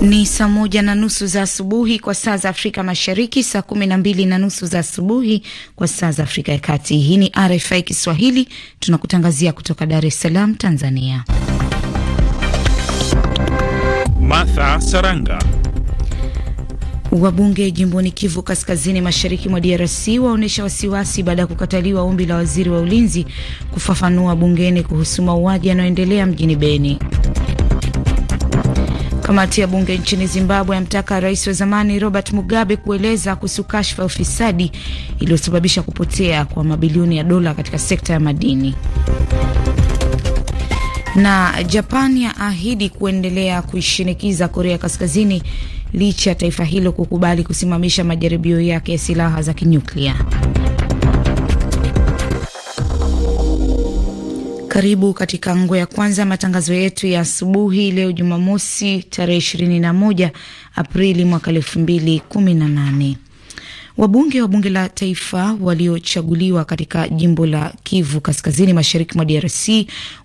Ni saa moja na nusu za asubuhi kwa saa za Afrika Mashariki, saa kumi na mbili na nusu za asubuhi kwa saa za Afrika ya Kati. Hii ni RFI Kiswahili, tunakutangazia kutoka Dar es Salaam, Tanzania. Martha Saranga. Wabunge jimboni Kivu Kaskazini, mashariki mwa DRC waonyesha wasiwasi baada ya kukataliwa ombi la waziri wa ulinzi kufafanua bungeni kuhusu mauaji yanayoendelea mjini Beni. Kamati ya bunge nchini Zimbabwe yamtaka rais wa zamani Robert Mugabe kueleza kuhusu kashfa ya ufisadi iliyosababisha kupotea kwa mabilioni ya dola katika sekta ya madini. Na Japan yaahidi kuendelea kuishinikiza Korea Kaskazini licha ya taifa hilo kukubali kusimamisha majaribio yake ya silaha za kinyuklia. Karibu katika ngo ya kwanza matangazo yetu ya asubuhi leo Jumamosi tarehe moja Aprili mwaka nane. Wabunge wa bunge la taifa waliochaguliwa katika jimbo la Kivu kaskazini mashariki mwa DRC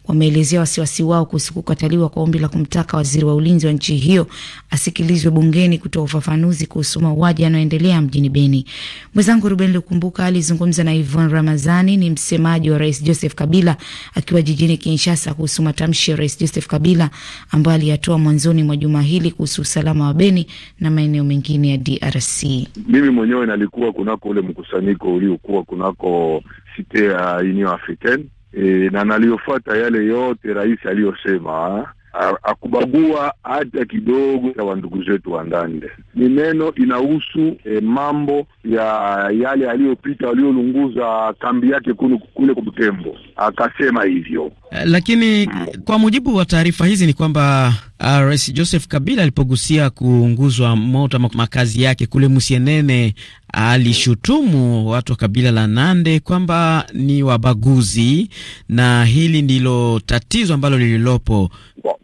wameelezea wasiwasi wao kuhusu kukataliwa kwa ombi la kumtaka waziri wa ulinzi wa nchi hiyo asikilizwe bungeni kutoa ufafanuzi kuhusu mauaji yanayoendelea mjini Beni. Mwenzangu Ruben Lukumbuka alizungumza na Ivon Ramazani, ni msemaji wa Rais Joseph Kabila akiwa jijini Kinshasa, kuhusu matamshi ya Rais Joseph Kabila ambayo aliyatoa mwanzoni mwa juma hili kuhusu usalama wa Beni na maeneo mengine ya DRC. Mimi mwenyewe nalikuwa kunako ule mkusanyiko uliokuwa kunako site ya Union Africaine e, na naliyofuata yale yote rais aliyosema ah, akubagua hata kidogo ya wandugu zetu wa ndani. Ni neno inahusu e, mambo ya yale aliyopita waliolunguza kambi yake kule Butembo, akasema hivyo Eh, lakini kwa mujibu wa taarifa hizi ni kwamba uh, Rais Joseph Kabila alipogusia kuunguzwa moto makazi yake kule Musienene, alishutumu watu wa kabila la Nande kwamba ni wabaguzi, na hili ndilo tatizo ambalo lililopo.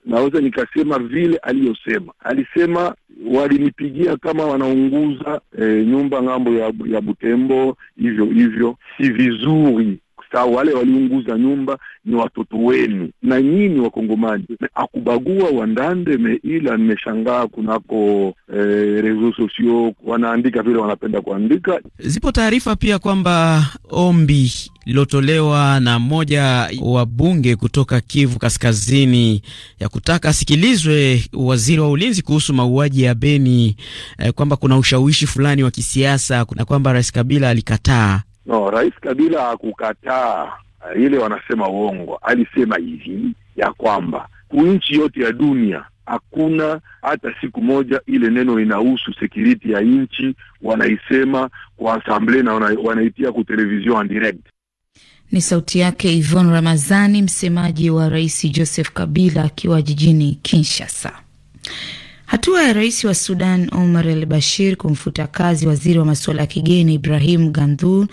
Naweza nikasema vile aliyosema, alisema walinipigia kama wanaunguza e, nyumba ng'ambo ya, ya Butembo. Hivyo hivyo si vizuri sasa wale waliunguza nyumba ni watoto wenu na nyinyi Wakongomani, akubagua Wandande me, ila nimeshangaa kunako eh, reseaux sociaux wanaandika vile wanapenda kuandika. Zipo taarifa pia kwamba ombi lilotolewa na mmoja wa bunge kutoka Kivu Kaskazini ya kutaka asikilizwe waziri wa ulinzi kuhusu mauaji ya Beni eh, kwamba kuna ushawishi fulani wa kisiasa na kwamba Rais Kabila alikataa. No, Rais Kabila hakukataa ile wanasema uongo. Alisema hivi ya kwamba kunchi yote ya dunia hakuna hata siku moja ile neno inahusu security ya nchi wanaisema kwa asamble na wana, wanaitia ku television en direct. Ni sauti yake Ivon Ramazani, msemaji wa Rais Joseph Kabila akiwa jijini Kinshasa. Hatua ya rais wa Sudan Omar al Bashir kumfuta kazi waziri wa masuala ya kigeni Ibrahim Gandhur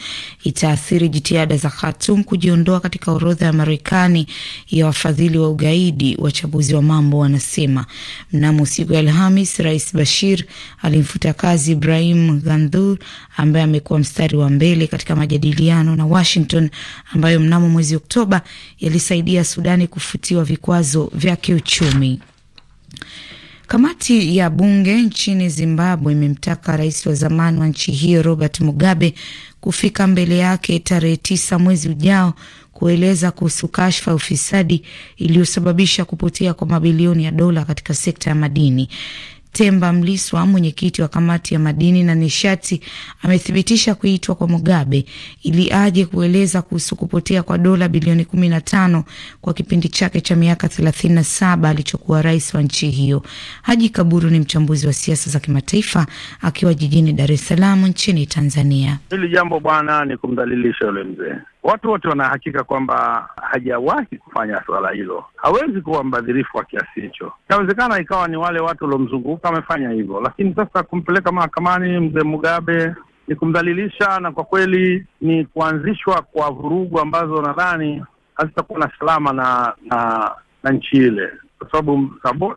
itaathiri jitihada za Khartoum kujiondoa katika orodha ya Marekani ya wafadhili wa ugaidi, wachambuzi wa mambo wanasema. Mnamo siku ya Alhamis, Rais Bashir alimfuta kazi Ibrahim Gandhur ambaye amekuwa mstari wa mbele katika majadiliano na Washington ambayo mnamo mwezi Oktoba yalisaidia Sudani kufutiwa vikwazo vya kiuchumi. Kamati ya bunge nchini Zimbabwe imemtaka rais wa zamani wa nchi hiyo Robert Mugabe kufika mbele yake tarehe tisa mwezi ujao kueleza kuhusu kashfa ya ufisadi iliyosababisha kupotea kwa mabilioni ya dola katika sekta ya madini. Temba Mliswa, mwenyekiti wa kamati ya madini na nishati, amethibitisha kuitwa kwa Mugabe ili aje kueleza kuhusu kupotea kwa dola bilioni 15 kwa kipindi chake cha miaka 37 alichokuwa rais wa nchi hiyo. Haji Kaburu ni mchambuzi wa siasa za kimataifa akiwa jijini Dar es Salaam nchini Tanzania. Hili jambo bwana, ni kumdhalilisha yule mzee Watu wote wanahakika kwamba hajawahi kufanya swala hilo, hawezi kuwa mbadhirifu wa kiasi hicho. Inawezekana ikawa ni wale watu waliomzunguka wamefanya hivyo, lakini sasa kumpeleka mahakamani mzee Mugabe ni kumdhalilisha, na kwa kweli ni kuanzishwa kwa vurugu ambazo nadhani hazitakuwa na salama na na, na nchi ile, kwa sababu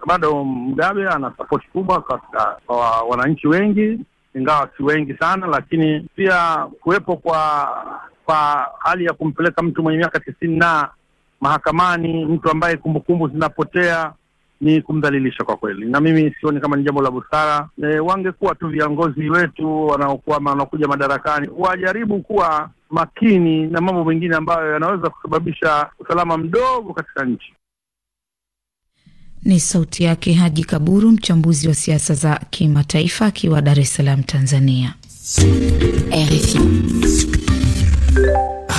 bado Mgabe ana sapoti kubwa kwa wananchi wengi, ingawa si wengi sana, lakini pia kuwepo kwa kwa hali ya kumpeleka mtu mwenye miaka tisini na mahakamani, mtu ambaye kumbukumbu zinapotea ni kumdhalilisha kwa kweli, na mimi sioni kama ni jambo la busara. E, wangekuwa tu viongozi wetu wanaokuwa wanakuja madarakani wajaribu kuwa makini na mambo mengine ambayo yanaweza kusababisha usalama mdogo katika nchi. Ni sauti yake Haji Kaburu, mchambuzi wa siasa za kimataifa akiwa Dar es Salaam, Tanzania, RFI.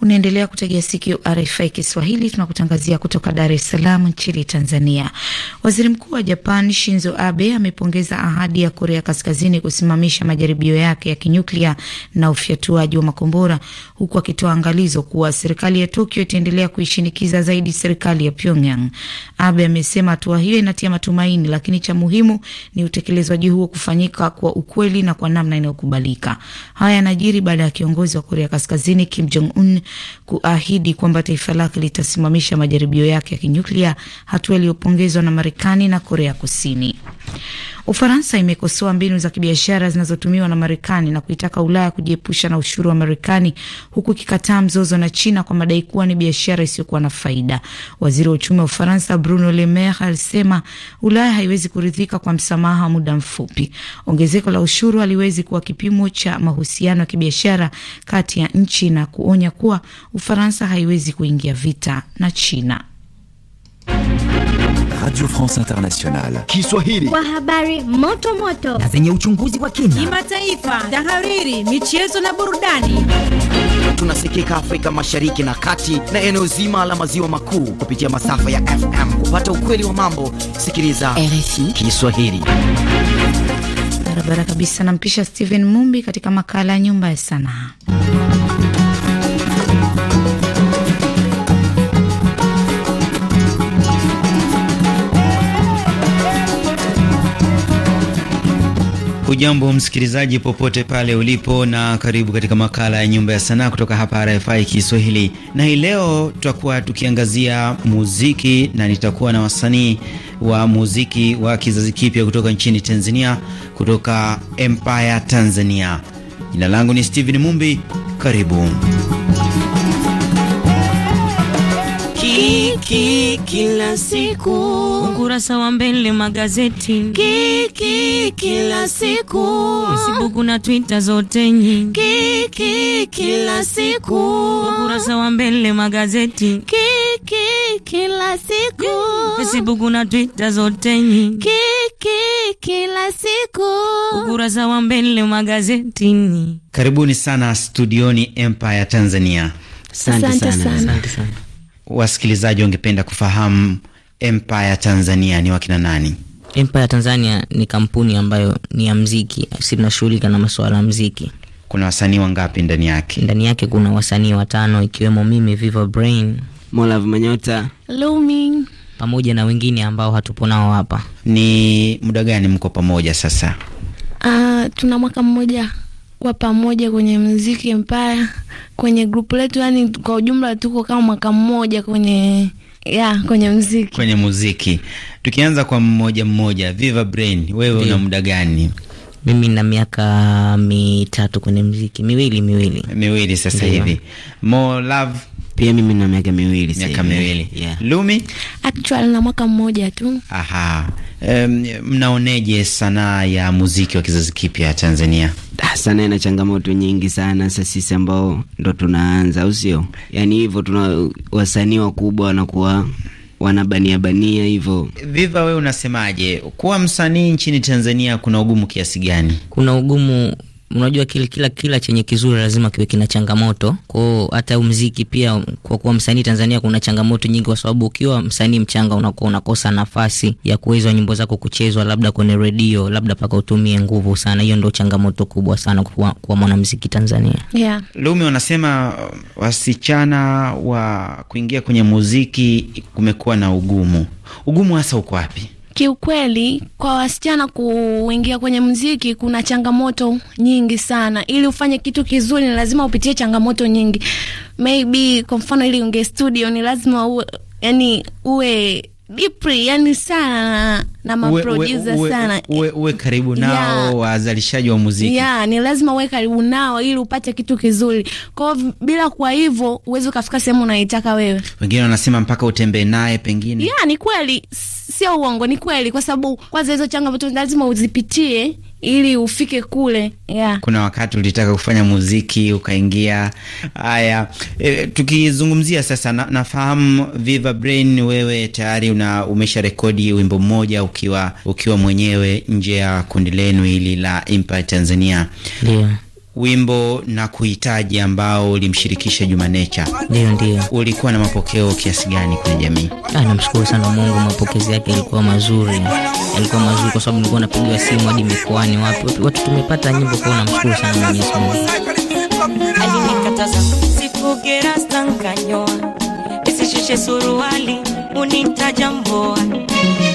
Unaendelea kutegea sikio RFI Kiswahili, tunakutangazia kutoka Dar es Salaam nchini Tanzania. Waziri Mkuu wa Japan Shinzo Abe amepongeza ahadi ya Korea Kaskazini kusimamisha majaribio yake ya kinyuklia na ufyatuaji wa makombora, huku akitoa angalizo kuwa serikali ya Tokyo itaendelea kuishinikiza zaidi serikali ya Pyongyang. Abe amesema hatua hiyo inatia matumaini, lakini cha muhimu ni utekelezwaji huo kufanyika kwa ukweli na kwa namna inayokubalika. Haya yanajiri baada ya kiongozi wa Korea Kaskazini Kim Jong Un kuahidi kwamba taifa lake litasimamisha majaribio yake ya kinyuklia, hatua iliyopongezwa na Marekani na Korea Kusini. Ufaransa imekosoa mbinu za kibiashara zinazotumiwa na Marekani na kuitaka Ulaya kujiepusha na ushuru wa Marekani, huku ikikataa mzozo na China kwa madai kuwa ni biashara isiyokuwa na faida. Waziri wa uchumi wa Ufaransa Bruno Le Maire alisema Ulaya haiwezi kuridhika kwa msamaha wa muda mfupi. Ongezeko la ushuru haliwezi kuwa kipimo cha mahusiano ya kibiashara kati ya nchi na kuonya kuwa Ufaransa haiwezi kuingia vita na China. Radio France Internationale Kiswahili kwa habari moto moto na zenye uchunguzi wa kina, kimataifa, tahariri, michezo na burudani. Tunasikika Afrika Mashariki na Kati na eneo zima la maziwa makuu kupitia masafa ya FM. Kupata ukweli wa mambo, sikiliza RFI Kiswahili. Barabara kabisa, nampisha Steven Mumbi katika makala ya nyumba ya sanaa. Hujambo msikilizaji, popote pale ulipo, na karibu katika makala ya Nyumba ya Sanaa kutoka hapa RFI Kiswahili. Na hii leo tutakuwa tukiangazia muziki na nitakuwa na wasanii wa muziki wa kizazi kipya kutoka nchini Tanzania, kutoka Empire Tanzania. Jina langu ni Steven Mumbi, karibu. kila siku ukurasa wa mbele magazeti kiki kila siku Facebook na Twitter zote nyi kiki kila siku ukurasa wa mbele magazeti kiki kila siku Facebook na Twitter zote nyi kiki kila siku ukurasa wa mbele magazeti ni. Karibuni sana studioni Empire Tanzania. Asante sana. Asante sana wasikilizaji wangependa kufahamu Empire Tanzania ni wakina nani? Empire Tanzania ni kampuni ambayo ni ya mziki, si tunashughulika na masuala ya mziki. Kuna wasanii wangapi ndani yake? Ndani yake kuna wasanii watano ikiwemo mimi Viva Brain, Molav Manyota, Looming pamoja na wengine ambao hatupo nao hapa. Ni muda gani mko pamoja sasa? Uh, tuna mwaka mmoja kwa pamoja kwenye mziki mpaya kwenye grupu letu, yani kwa ujumla tuko kama mwaka mmoja kwenye ya, kwenye mziki kwenye muziki. Tukianza kwa mmoja mmoja, Viva Brain, wewe una muda gani? Mimi na miaka mitatu kwenye mziki miwili miwili miwili sasa hivi. More Love pia mimi na miaka miwili, miaka miwili. Yeah. Lumi actually na mwaka mmoja tu. Aha um, mnaoneje sanaa ya muziki wa kizazi kipya Tanzania? Ah, sana ina changamoto nyingi sana. sa sisi ambao ndo tunaanza, au sio? Yani hivyo tuna wasanii wakubwa wanakuwa wanabania bania hivyo. Viva, wee unasemaje, kuwa msanii nchini Tanzania kuna ugumu kiasi gani? Kuna ugumu unajua kila, kila, kila chenye kizuri lazima kiwe kina changamoto. Kwa hiyo hata muziki pia, kwa kuwa msanii Tanzania kuna changamoto nyingi, kwa sababu ukiwa msanii mchanga unakuwa unakosa nafasi ya kuwezwa nyimbo zako kuchezwa labda kwenye redio, labda paka utumie nguvu sana. Hiyo ndio changamoto kubwa sana kwa, kwa mwanamuziki Tanzania. Yeah. Lumi wanasema uh, wasichana wa kuingia kwenye muziki kumekuwa na ugumu. Ugumu hasa uko wapi? Kiukweli, kwa wasichana kuingia kwenye mziki kuna changamoto nyingi sana. Ili ufanye kitu kizuri, ni lazima upitie changamoto nyingi. Maybe kwa mfano, ili unge studio, ni lazima uwe yani uwe Bipri, yani sana na maproducer sana, uwe, uwe karibu nao wazalishaji wa muziki. Yeah, ni lazima uwe karibu nao ili upate kitu kizuri. Kwa bila kwa hivyo uweze ukafika sehemu unaitaka wewe. Wengine wanasema mpaka utembee naye pengine. Yeah, ni kweli, sio uongo, ni kweli kwa sababu kwanza hizo changamoto lazima uzipitie ili ufike kule yeah. Kuna wakati ulitaka kufanya muziki ukaingia haya. E, tukizungumzia sasa na, nafahamu Viva Brain wewe tayari una umesha rekodi wimbo mmoja ukiwa ukiwa mwenyewe nje ya kundi lenu hili la Impact Tanzania yeah wimbo na kuhitaji ambao ulimshirikisha Jumanecha. Ndio, ndio. Ulikuwa na mapokeo kiasi gani kwenye jamii? Ah, namshukuru sana Mungu, mapokezi yake yalikuwa mazuri, yalikuwa mazuri kwa sababu nilikuwa napigiwa simu hadi mikoani, wapi watu tumepata nyimbo kwao. Namshukuru sana Mwenyezi Mungu. Alinikataza sifuge rasta nkanyoa, nisishushe suruali, unintaja mboa,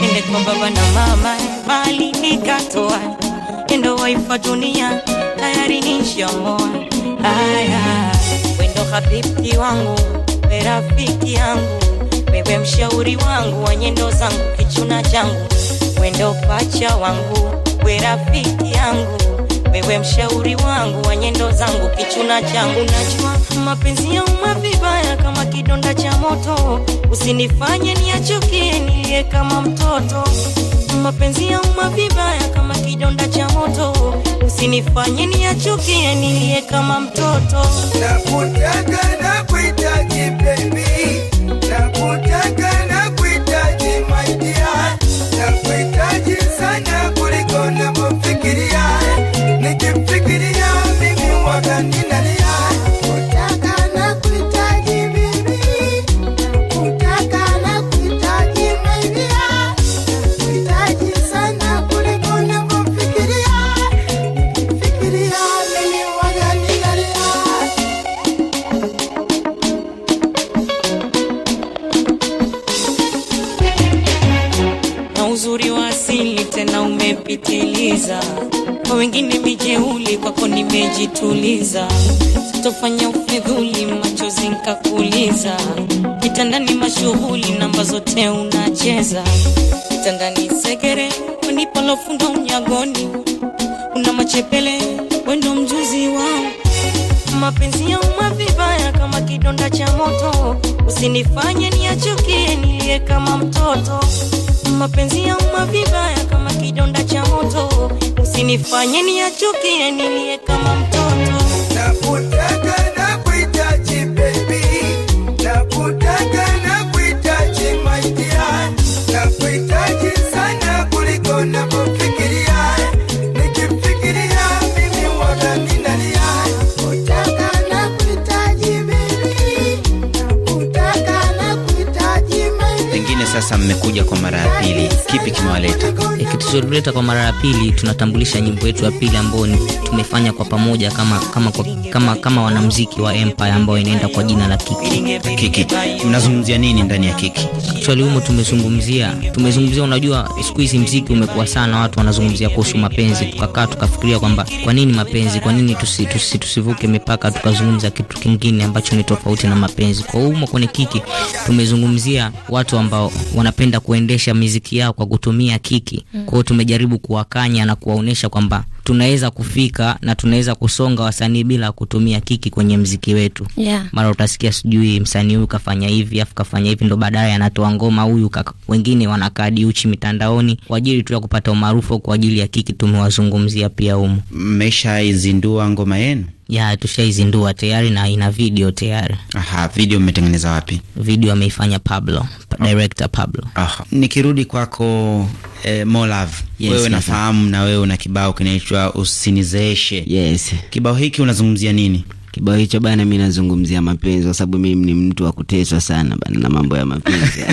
ende kwa baba na mama, mali nikatoa, endo waifa dunia tayari nishaoa. Aya, wendo habibi wangu, we rafiki yangu, wewe mshauri wangu wa nyendo zangu, kichuna changu, wendo pacha wangu, we rafiki yangu wewe mshauri wangu wa nyendo zangu kichuna changu. Najua mapenzi ya uma vibaya kama kidonda cha moto, usinifanye niachukie nilie kama mtoto mapenzi ya uma vibaya kama kidonda cha moto, usinifanye niachukie niliye kama mtoto. Nakutaka, nakuhitaji baby, nakutaka kuuliza, kwa wengine mijeuli, kwako nimejituliza. Sitofanya ufedhuli, machozi nkakuliza. Kitandani mashughuli, namba zote unacheza. Kitandani segere, wenipalofundo mnyagoni, una machepele, wendo mjuzi wao mapenzi uma vibaya kama kidonda cha moto, usinifanye niachukie nilie kama mtoto mapenzi ya mavibaya kama kidonda cha moto, usinifanye niachukie nilie kama mto sasa mmekuja kwa mara ya pili, kipi kimewaleta? E, kitu kilichotuleta kwa mara ya pili, tunatambulisha nyimbo yetu ya pili ambayo tumefanya kwa pamoja kama, kama, kwa, kama, kama wanamuziki wa Empire ambao inaenda kwa jina la Kiki. Kiki, mnazungumzia nini ndani ya Kiki? Actually humo tumezungumzia tumezungumzia, unajua siku hizi muziki umekuwa sana, watu wanazungumzia kuhusu mapenzi, tukakaa tukafikiria kwamba kwa nini mapenzi, kwa nini tusi, tusi, tusivuke mipaka tukazungumza kitu kingine ambacho ni tofauti na mapenzi. Kwa humo kwenye Kiki tumezungumzia watu ambao wanapenda kuendesha miziki yao kwa kutumia kiki. Mm. Kwa hiyo tumejaribu kuwakanya na kuwaonesha kwamba tunaweza kufika na tunaweza kusonga wasanii bila kutumia kiki kwenye mziki wetu. Yeah. Mara utasikia sijui msanii huyu kafanya hivi afu kafanya hivi ndo baadaye anatoa ngoma huyu, wengine wanakadi uchi mitandaoni kwa ajili tu ya kupata umaarufu, kwa ajili ya kiki. Tumewazungumzia pia humu. Mmeshaizindua ngoma yenu? Ya, tushaizindua tayari na ina video tayari. Aha, video mmetengeneza wapi? Video ameifanya Pablo, oh. director Pablo. Aha. Nikirudi kwako eh, Molav. yes, wewe nafahamu na wewe una kibao kinaitwa Usinizeshe. Yes. Kibao hiki unazungumzia nini? Kibao hicho bana, mi nazungumzia mapenzi, kwa sababu mimi ni mtu wa kuteswa sana bana na mambo ya mapenzi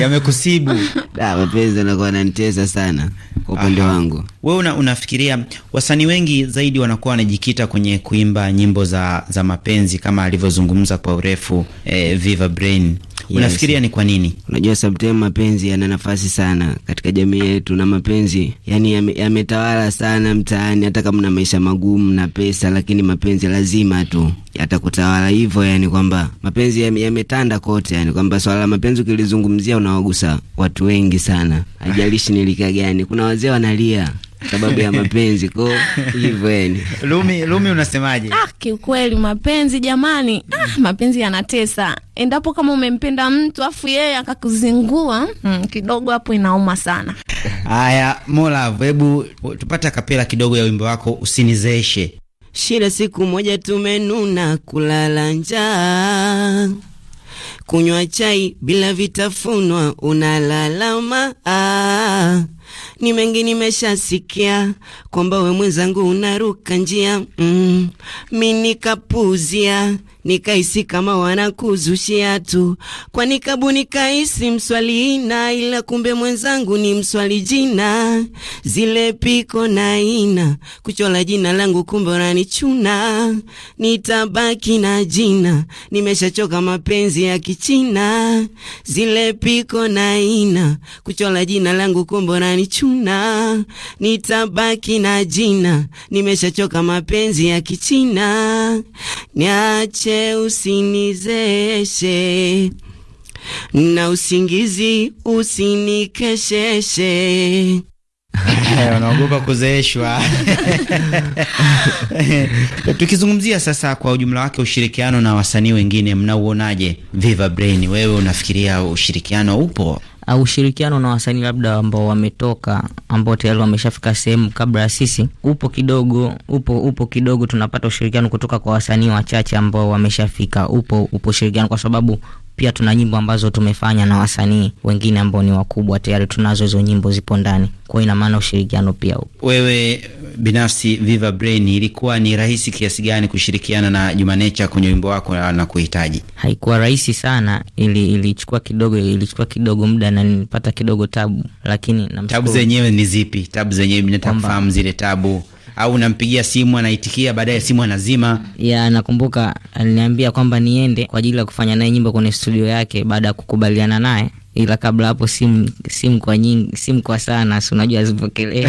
yamekusibu. Da, ah, mapenzi anakuwa ananitesa sana kwa upande wangu. Wewe una, unafikiria wasanii wengi zaidi wanakuwa wanajikita kwenye kuimba nyimbo za, za mapenzi kama alivyozungumza kwa urefu eh, Viva Brain yes. Unafikiria ni kwa nini? Unajua, sometimes mapenzi yana nafasi sana katika jamii yetu, na mapenzi yani yametawala sana mtaani, hata kama na maisha magumu na pesa, lakini mapenzi lazima tu yatakutawala hivyo, yani kwamba mapenzi yametanda kote, yani kwamba swala la mapenzi ukilizungumzia unawagusa watu wengi sana, haijalishi nilika gani. Kuna wazee wanalia sababu ya mapenzi ko hivyo yani. Lumi, Lumi unasemaje? Ah, kiukweli mapenzi jamani, ah, mapenzi yanatesa. Endapo kama umempenda mtu afu yeye akakuzingua mm, kidogo hapo inauma sana. Haya, Mola, hebu tupate kapela kidogo ya wimbo wako usinizeshe. Shile siku moja tumenuna kulala njaa kunywa chai bila vitafunwa unalalama ah. Ni mengi nimeshasikia, kwamba we mwenzangu unaruka njia mm, mi nikapuzia nikaisi kama wanakuzushia tu, kwani kabu nikaisi ina, ila kumbe mwenzangu ni mswali jina, zile piko na ina kuchola jina langu, kumbe unanichuna, nitabaki na jina, nimeshachoka mapenzi ya kichina, zile piko na ina kuchola jina langu, kumbe unanichuna, nitabaki na jina, nimeshachoka mapenzi ya kichina, niache wewe usinizeshe na usingizi usinikesheshe. Wanaogopa kuzeeshwa. Tukizungumzia sasa kwa ujumla wake ushirikiano na wasanii wengine mnauonaje? Viva Brain, wewe unafikiria ushirikiano upo? uh, ushirikiano na wasanii labda ambao wametoka ambao tayari wameshafika sehemu kabla ya sisi upo kidogo, upo upo kidogo. Tunapata ushirikiano kutoka kwa wasanii wachache ambao wameshafika, upo upo ushirikiano, kwa sababu pia tuna nyimbo ambazo tumefanya na wasanii wengine ambao ni wakubwa tayari, tunazo hizo nyimbo zipo ndani, kwa ina maana ushirikiano pia upo. Wewe binafsi Viva Brain, ilikuwa ni rahisi kiasi gani kushirikiana na Juma Nature kwenye wimbo wako na kuhitaji? Haikuwa rahisi sana, ili ilichukua kidogo ilichukua kidogo muda na nilipata kidogo tabu, lakini na tabu zenyewe ni zipi? Tabu zenyewe mimi nataka kufahamu zile tabu au unampigia simu anaitikia, baadaye simu anazima. Ya, nakumbuka aliniambia kwamba niende kwa ajili ya kufanya naye nyimbo kwenye studio yake baada ya kukubaliana naye ila kabla hapo simu simu kwa nyingi simu kwa sana, si unajua zipokelee.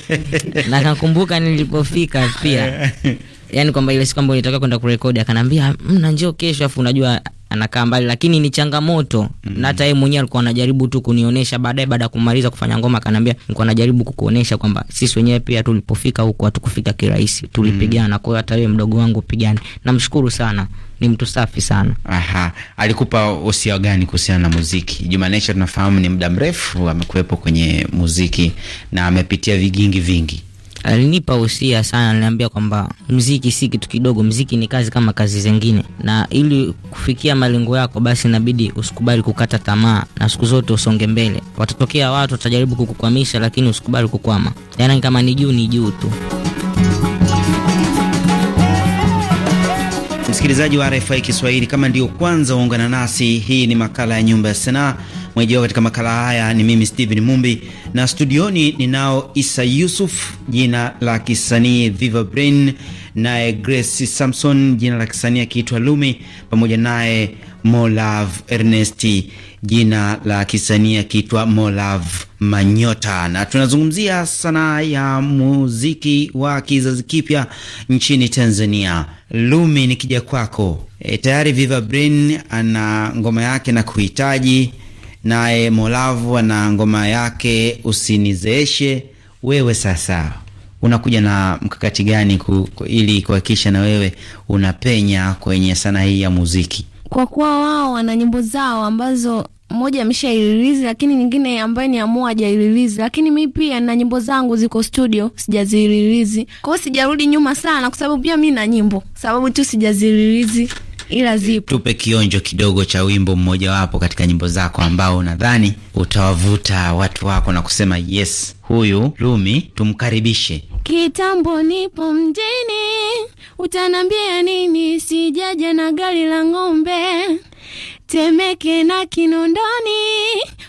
na nakumbuka nilipofika pia yani kwamba ile siku ambayo nitaka kwenda kurekodi akanambia mna mm, njoo kesho, afu unajua anakaa mbali, lakini ni changamoto mm -hmm. Na hata yeye mwenyewe alikuwa anajaribu tu kunionyesha baadaye, baada ya kumaliza kufanya ngoma akaniambia, nilikuwa najaribu kukuonyesha kwamba sisi wenyewe pia tulipofika huko hatukufika kirahisi, tulipigana mm -hmm. Kwa hiyo hata wewe mdogo wangu pigane. Namshukuru sana, ni mtu safi sana. Aha, alikupa usia gani kuhusiana na muziki? Juma Nature tunafahamu ni muda mrefu amekuwepo kwenye muziki na amepitia vigingi vingi alinipa usia sana, aliniambia kwamba mziki si kitu kidogo, mziki ni kazi kama kazi zingine, na ili kufikia malengo yako, basi inabidi usikubali kukata tamaa na siku zote usonge mbele. Watatokea watu watajaribu kukukwamisha, lakini usikubali kukwama. Yaani kama ni juu ni juu tu. msikilizaji wa RFI Kiswahili, kama ndiyo kwanza waungana nasi, hii ni makala ya Nyumba ya Sanaa. Mwenyeji katika makala haya ni mimi Steven Mumbi, na studioni ninao Isa Yusuf, jina la kisanii Viva Brain, naye Grace Samson, jina la kisanii akiitwa Lumi, pamoja naye Molav Ernesti jina la kisanii akiitwa Molav Manyota, na tunazungumzia sanaa ya muziki wa kizazi kipya nchini Tanzania. Lumi, nikija kwako, e, tayari Viva Brin ana ngoma yake na kuhitaji, naye Molavu ana ngoma yake usinizeeshe. Wewe sasa unakuja na mkakati gani ku, ku, ili kuhakikisha na wewe unapenya kwenye sanaa hii ya muziki? Kwa kuwa wao wana nyimbo zao ambazo moja ameshairilizi, lakini nyingine ambayo ni amua hajairilizi, lakini mi pia na nyimbo zangu ziko studio sijazirilizi. Kwa hiyo sijarudi nyuma sana, kwa sababu pia mi na nyimbo, sababu tu sijazirilizi ila zipo. Tupe kionjo kidogo cha wimbo mmojawapo katika nyimbo zako ambao nadhani utawavuta watu wako na kusema yes, huyu Lumi tumkaribishe. Kitambo nipo mjini, utanambia nini? Sijaja na gari la ng'ombe Temeke na Kinondoni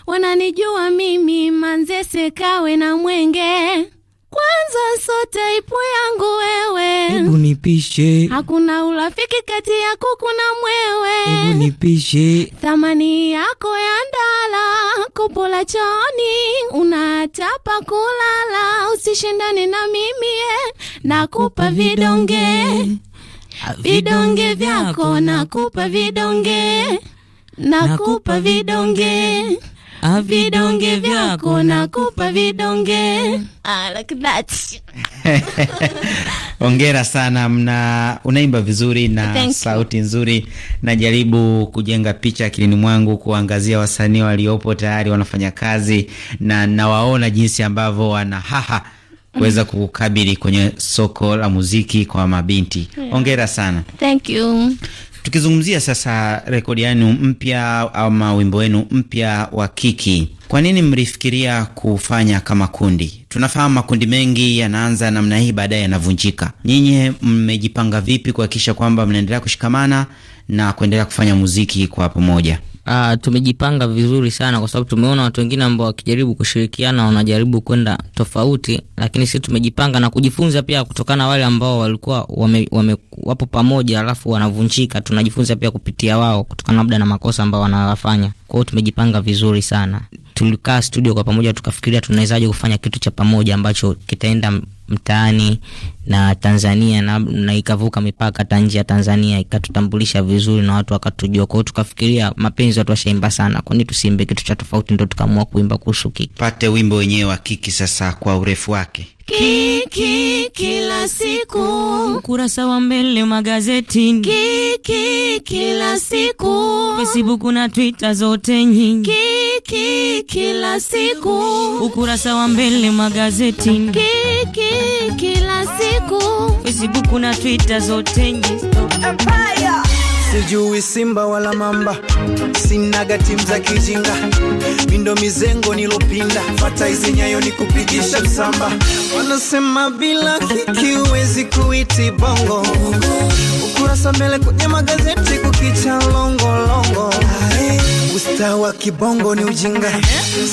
wananijua mimi, Manzese, Kawe na Mwenge. Kwanza sote ipo yangu wewe, ebu nipishe. Hakuna urafiki kati ya kuku na mwewe, ebu nipishe. Thamani yako ya ndala kupola choni, unatapa kulala, usishindane na mimi, nakupa vidonge vidonge vyako, nakupa vidonge nakupa vidonge ah, vidonge vyako nakupa vidonge ah, like that. Hongera sana mna, unaimba vizuri na sauti nzuri. Najaribu kujenga picha akilini mwangu kuangazia wasanii waliopo tayari wanafanya kazi na nawaona jinsi ambavyo wana haha kuweza mm. kukabili kwenye soko la muziki kwa mabinti. Hongera sana. Thank you. Tukizungumzia sasa rekodi yenu mpya ama wimbo wenu mpya wa Kiki, kwa nini mlifikiria kufanya kama kundi? Tunafahamu makundi mengi yanaanza namna hii, baadaye yanavunjika. Nyinyi mmejipanga vipi kuhakikisha kwamba mnaendelea kushikamana na kuendelea kufanya muziki kwa pamoja? Uh, tumejipanga vizuri sana kwa sababu tumeona watu wengine ambao wakijaribu kushirikiana wanajaribu kwenda tofauti, lakini sisi tumejipanga na kujifunza pia kutokana wale ambao walikuwa wame, wame, wapo pamoja alafu wanavunjika. Tunajifunza pia kupitia wao kutokana labda na makosa ambao wanayafanya. Kwa hiyo tumejipanga vizuri sana, tulikaa studio kwa pamoja tukafikiria tunawezaje kufanya kitu cha pamoja ambacho kitaenda mtaani na Tanzania na, na ikavuka mipaka hata nje ya Tanzania ikatutambulisha vizuri na watu wakatujua. Kwa hiyo tukafikiria mapenzi watu washaimba sana, kwani tusiimbe kitu cha tofauti? Ndo tukaamua kuimba kuhusu kiki. Pate wimbo wenyewe wa kiki sasa kwa urefu wake Kiki kila siku, kurasa wa mbele magazetini. Kiki kila siku, Facebook na Twitter zote nyingi. Kiki kila siku, ukurasa wa mbele magazetini. Kiki kila siku, Facebook na Twitter zote nyingi. Empire sijui simba wala mamba, sinaga timu za kijinga, mindo mizengo nilopinda, fata hizi nyayo ni kupigisha msamba. Wanasema bila kiki huwezi kuiti bongo, ukurasa mbele kwenye magazeti kukicha longolongo Usta wa kibongo ni ujinga,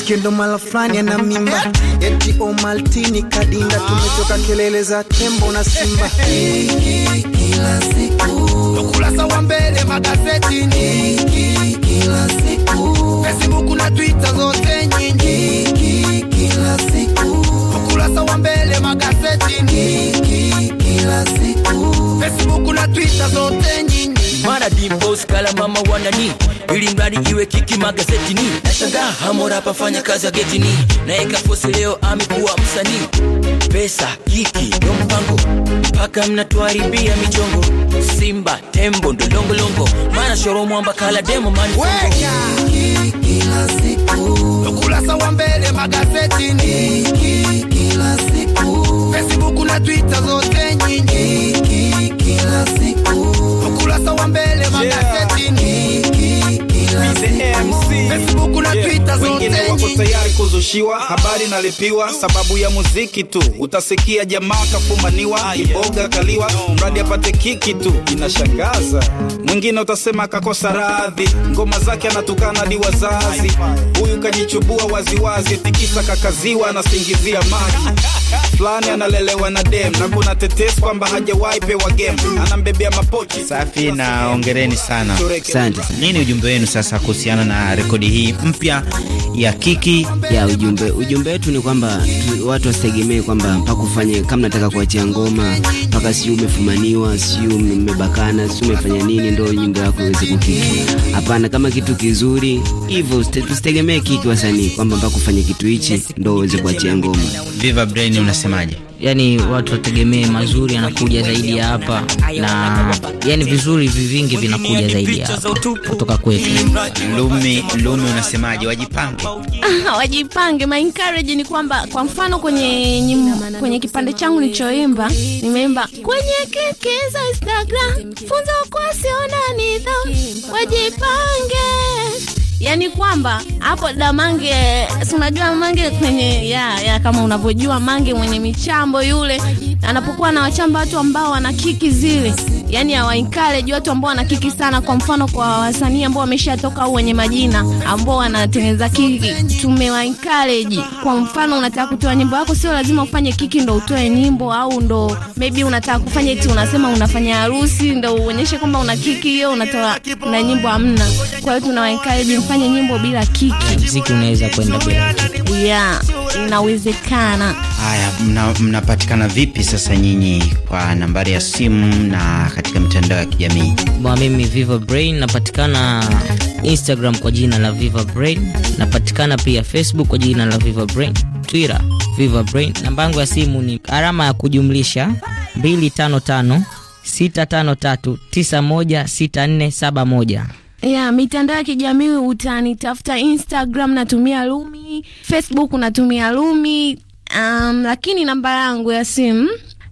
skendo mala fulani ana mimba, eti o maltini kadinga, tumechoka kelele za tembo na simba kila siku, ukurasa wa mbele magazeti nyingi kila siku, Facebook na Twitter zote nyingi kila siku, ukurasa wa mbele magazeti nyingi kila siku, Facebook na Twitter zote nyingi mara dimpos kala mama wanani ili mradi iwe kiki magazetini nashangaa hamora pafanya kazi ya getini naeka fosi leo amekuwa msanii pesa kiki ndo mpango mpaka mnatuharibia michongo simba tembo ndo longolongo mana shoro mwamba kala demo manikila siku ukurasa wa mbele magazetini kiki, kila siku facebook na twitter zote nyingi kila siku ukurasa wa mbele magazetini yeah. Facebook na Twitter zote wengine wako tayari kuzushiwa habari nalipiwa sababu ya muziki tu utasikia jamaa kafumaniwa iboga kaliwa mradi apate kiki tu inashangaza mwingine utasema akakosa radhi ngoma zake anatukana di wazazi huyu kajichubua waziwazi tikisa kakaziwa anasingizia maji fulani analelewa na dem na kuna tetesi kwamba hajawahi pewa game anambebea mapochi safi na ongereni sana asante nini ujumbe wenu sasa kuhusiana na rekodi hii mpya ya Kiki ya ujumbe. Ujumbe wetu ni kwamba watu wasitegemee kwamba mpaka kama nataka kuachia ngoma mpaka si umefumaniwa, si umebakana, si umefanya nini ndio nyimbo yako iweze kukiki. Hapana, kama kitu kizuri hivyo tusitegemee kiki wasanii kwamba mpaka ufanye kitu hichi ndio uweze kuachia ngoma. Viva Brain unasemaje? yani watu wategemee mazuri yanakuja zaidi ya hapa, na yani vizuri hivi vingi vinakuja zaidi ya hapa kutoka kwetu. Lumi, Lumi, unasemaje? Wajipange, ah, wajipange. My encourage ni kwamba kwa mfano kwenye nyimbo, kwenye kipande changu nilichoimba, nimeimba kwenye keke za Instagram, funza kwa siona nidhamu, wajipange yani kwamba hapo da mange, si unajua mange kwenye ya, ya kama unavyojua mange mwenye michambo yule anapokuwa na wachamba watu ambao wana kiki zile, yani encourage watu ambao wana kiki sana. Kwa mfano kwa wasanii ambao wameshatoka au wenye majina ambao wanatengeneza kiki, tumewa encourage. Kwa mfano unataka kutoa nyimbo yako, sio lazima ufanye kiki ndo utoe nyimbo, au ndo maybe unataka kufanya eti unasema unafanya harusi ndo uonyeshe kwamba una kiki hiyo, unatoa na nyimbo hamna. Kwa hiyo tunawa encourage kufanya nyimbo bila kiki. Mziki unaweza kwenda bila kiki. Yeah, inawezekana. Haya, mnapatikana mna vipi sasa nyinyi kwa nambari ya simu na katika mitandao ya kijamii? Bwana, mimi Viva Brain napatikana Instagram kwa jina la Viva Brain, napatikana pia Facebook kwa jina la Viva Brain, Twitter Viva Brain. Namba yangu ya simu ni alama ya kujumlisha 255 653 916471 yeah, mitandao ya kijamii utanitafuta Instagram natumia Lumi, Facebook unatumia Lumi. Um, lakini namba yangu ya simu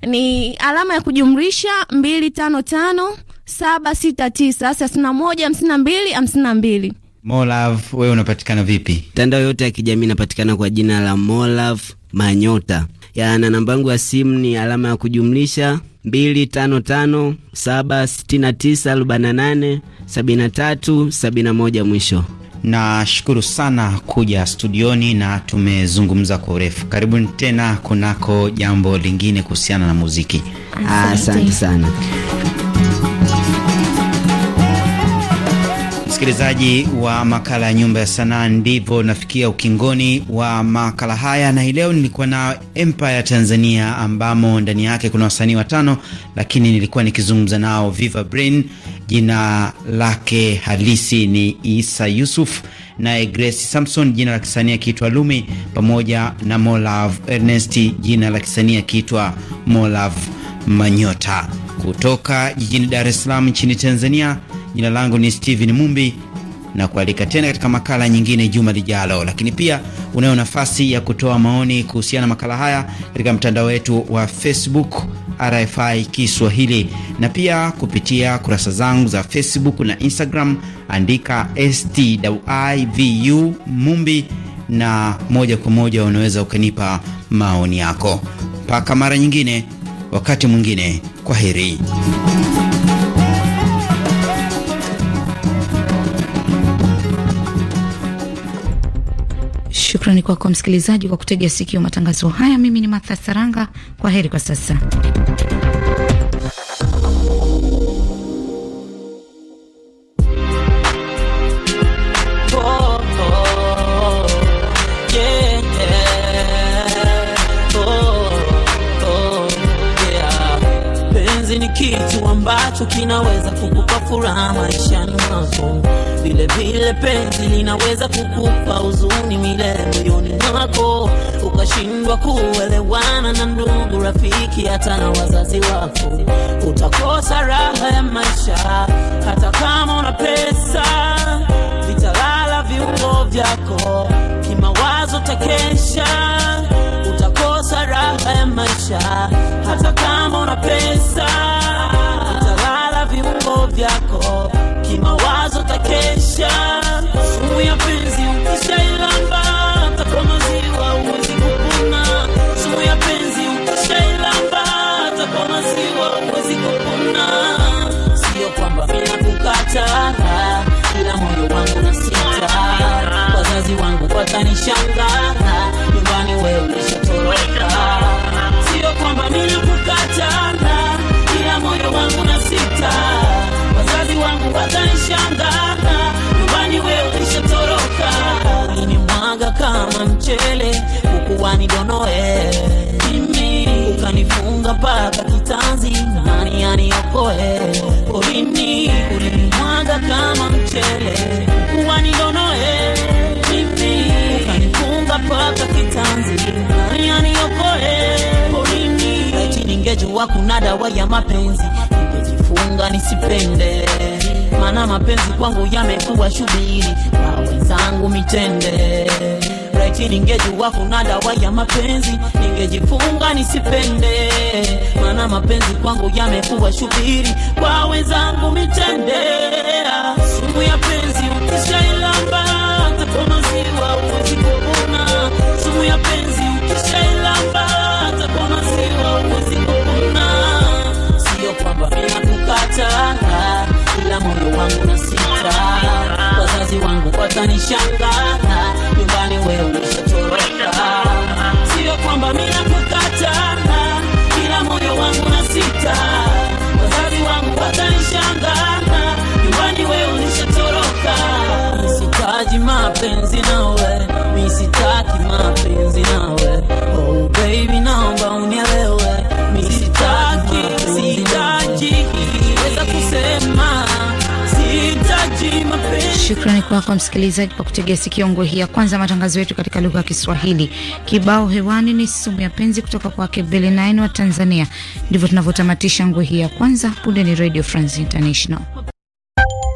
ni alama ya kujumlisha mbili tano tano saba sita tisa hamsini na moja hamsini na mbili hamsini na mbili. Molav, wewe unapatikana vipi? Mitandao yote ya kijamii inapatikana kwa jina la Molav Manyota. Ya, na namba yangu ya simu ni alama ya kujumlisha 255 769 48 73 mwisho. Nashukuru sana kuja studioni na tumezungumza kwa urefu. Karibuni tena kunako jambo lingine kuhusiana na muziki. Asante sana. Msikilizaji wa makala ya Nyumba ya Sanaa, ndivyo nafikia ukingoni wa makala haya, na hii leo nilikuwa na Empire Tanzania, ambamo ndani yake kuna wasanii watano, lakini nilikuwa nikizungumza nao Viva Brain, jina lake halisi ni Isa Yusuf, naye Grace Samson jina la kisanii akiitwa Lumi, pamoja na Molav Ernesti jina la kisanii akiitwa Molav Manyota kutoka jijini Dar es Salaam nchini Tanzania. Jina langu ni Steven Mumbi na kualika tena katika makala nyingine juma lijalo. Lakini pia unayo nafasi ya kutoa maoni kuhusiana na makala haya katika mtandao wetu wa Facebook RFI Kiswahili, na pia kupitia kurasa zangu za Facebook na Instagram, andika Stwivu Mumbi na moja kwa moja unaweza ukanipa maoni yako. Mpaka mara nyingine, wakati mwingine, kwa heri. Shukrani kwako msikilizaji kwa kutegea sikio matangazo haya. Mimi ni matha Saranga, kwa heri kwa sasa. mapenzi ni kitu ambacho kinaweza kukupa furaha maishani mwako, vilevile penzi linaweza kukupa huzuni milele moyoni mwako, ukashindwa kuelewana na ndugu, rafiki, hata na wazazi wako. Utakosa raha ya maisha hata kama una pesa, vitalala viungo vyako kimawazo, takesha haya maisha, hata kama una pesa utalala viungo vyako kimawazo, takesha sumu ya penzi ukishailamba, hata kwa maziwa huwezi kupona. Sumu ya penzi ukishailamba, hata kwa maziwa huwezi kupona. Sio kwamba kukata ila moyo wangu na sita, wazazi wangu watanishangaa, nyumbani wewe kuwa kuna dawa ya mapenzi, nimejifunga nisipende, maana mapenzi kwangu yamekuwa shubiri kwa wenzangu mitende Laiti ningejua kuna dawa ya mapenzi, ningejifunga nisipende, maana mapenzi kwangu yamekuwa shubiri kwa wenzangu mitende, sumu ya penzi unanishangaza, nyumbani wewe ulishatoroka. Sio kwamba mimi nakukata, kila moyo wangu na sita, wazazi wangu watanishangaza, nyumbani wewe ulishatoroka. Sitaji mapenzi nawe kwako msikilizaji kwa kutegea sikio ngwe ya kwanza matangazo yetu katika lugha ya Kiswahili. Kibao hewani ni sumu ya penzi kutoka kwake Bele 9 wa Tanzania. Ndivyo tunavyotamatisha ngwe hii ya kwanza. Punde ni Radio France International.